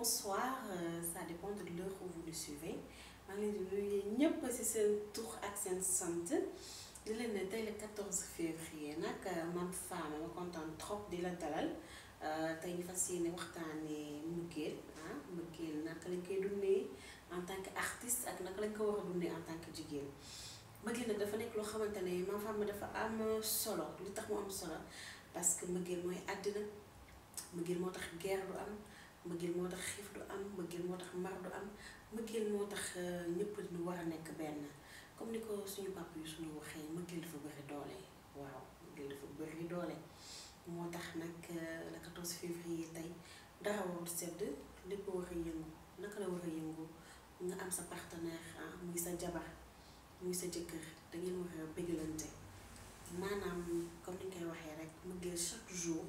bonsoir euh, ça dépend de l'heure où vous le suivez maa ngi leen di nuyu yéen ñëpp ci seen tur ak seen sant di leen ne le 14 février Nak euh, man Fama ma content trop di la dalal euh, tey ñu fas yéene waxtaanee mbëggeel ah mbëggeel naka lañ koy dundee en tant qu'artiste, artiste ak naka lañ ko war a en tant que jigéen mbëggeel na dafa nekk loo xamante ne man Fama dafa am solo li tax mu am solo parce que mbëggeel mooy àddina mbëggeel moo tax guerre du am. mbëggeel moo tax xiif du am mbëggeel moo tax mar du am ma mbëggeel moo tax euh, ñëpp ñu war a nekk benn comme ni ko suñu papa yu suñu waxee mbëggeel dafa bëri doole waaw dafa bëri doole moo tax nag euh, le 14 yi tey dara warul sedd lépp war a yëngu naka la war a yëngu nga am sa partenaire ah muy sa jabar muy sa jëkkër da ngeen war a bëggalante maanaam comme ni ñu koy waxee rek mbëggeel chaque jour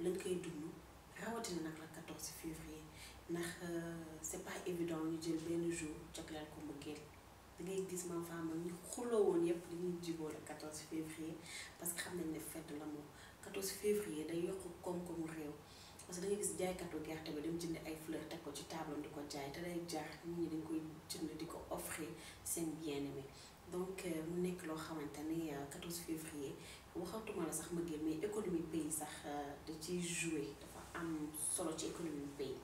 lañ koy dund rawatina nag la. mars février nak euh, c'est pas évident ni jël benn jour jagleel ko mbëggeel da ngay gis ma femme ñu xuloo woon yëpp dañuy jiboo le 14 février parce que xamnañ nañ ne fête de l'amour 14 février day yokk comme comme rew parce que da ngay gis jaaykatu gerte ba dem jindi ay fleurs tek ko ci table di ko jaay te day jaar nit ñi dañ koy jënd diko offrir sen bien-aimé donc euh, mu nekk loo xamante 14 euh, février waxatuma la sax mbëggeel mais économie pays sax da ci jouer. am solo ci économie bu pays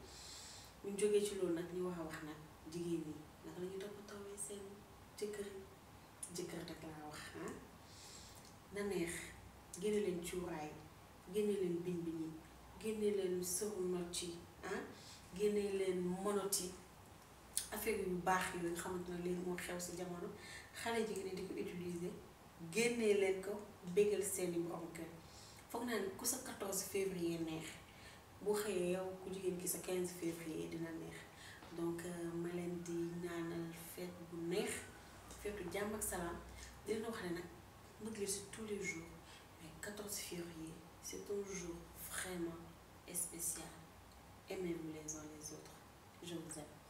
jógee ci loolu nag ñu wax nag jigéen ñi naka la ñuy toppatoowee seen jëkkër jëkkër rek laa wax ah. na neex génne leen cuuraay génne leen biñ biñ yi génne leen sëru not yi ah leen monot yi affaire yu baax yi nga xamante ne léegi xew si jamono xale jigéen ñi di ko utiliser génne leen ko bégal seeni borom foog naa ku sa 14 février neex boo 15 février donc euh, ma fête tous les jours mais 14 février c'est un jour vraiment spécial aimez même les uns les autres je vous aime